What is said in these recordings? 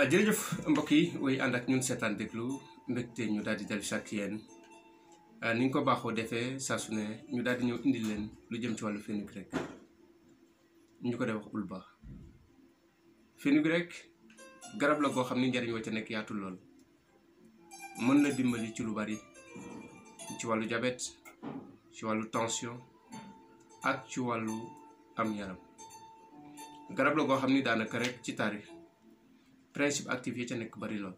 Euh, jërëjëf mbokk yi ànd ak ñun seetaan déglu mbégte ñu daal jal dellu si ak euh, ko baaxoo defee saa ne ñu daal di ñëw indi leen lu jëm ci wàllu fenugrec ñu ko dee wax ulba rek garab la goo xam ni njariñoo wa ca nekk yaatu lool mën na dimbali ci lu bari ci wàllu jabet ci wàllu tension ak ci wàllu am yaram garab la goo xam ni daanaka rek ci taarix principe actif yi ca nekk bari lool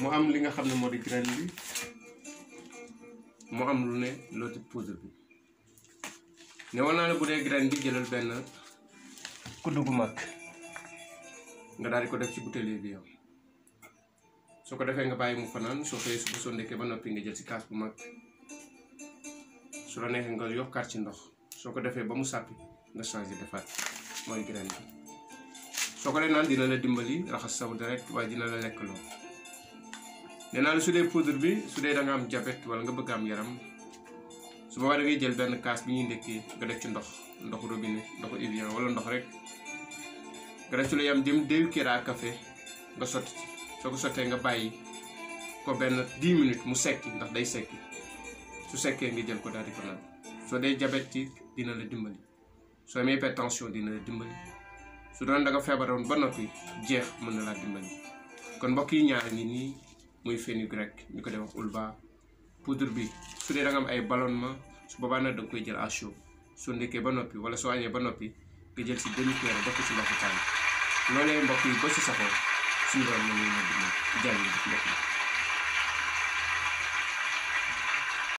mu am li nga xam ne moo di graine bi mu am lu ne looti poudre bi ne war naa la bu dee graine bi jëlal benn kuddu gu mag nga daal di ko def ci bouteille bi yow soo ko defee nga bàyyi mu fanaan soo xëyee suba soo ndekkee ba noppi nga jël ci kaas bu mag su la neexee nga yokkaat ci ndox soo ko defee ba mu sàppi nga changé defaat mooy graine bi soo ko dee naan dina la dimbali raxas saw deret waaye dina la lekk loo nee naa la su dee poudre bi su dee da nga am diabète wala nga bëgg am yaram su boobaa da ngay jël benn kaas bi ñuy ndékkee nga def ci ndox ndoxu robinet ndoxu Evian walla ndox rek nga def ci lu yam jëm deux cuillères à café nga sotti soo ko sottee nga bàyyi ko benn 10 minutes mu sekki ndax day sekki su sekkee nga jël ko daal di ko naan soo dee diabète dina la dimbali soo amee hypertension dina dimbali. su doon da nga feebaroon ba noppi jeex mën na laa dimbali kon mbokk yi ñaare ngi nii muy fenugrec ñu ko def wax ulba poudre bi su dee da am ay ballonnement su boobaa nag da koy jël asio chaud soo ndekkee ba noppi wala soo añee ba noppi nga jël si demi cuillère def ko ci ndoxu tàng loolee mbokk yi ba si saxoo suñu doon mën nañu la dimbali jàll yi mbokk yi.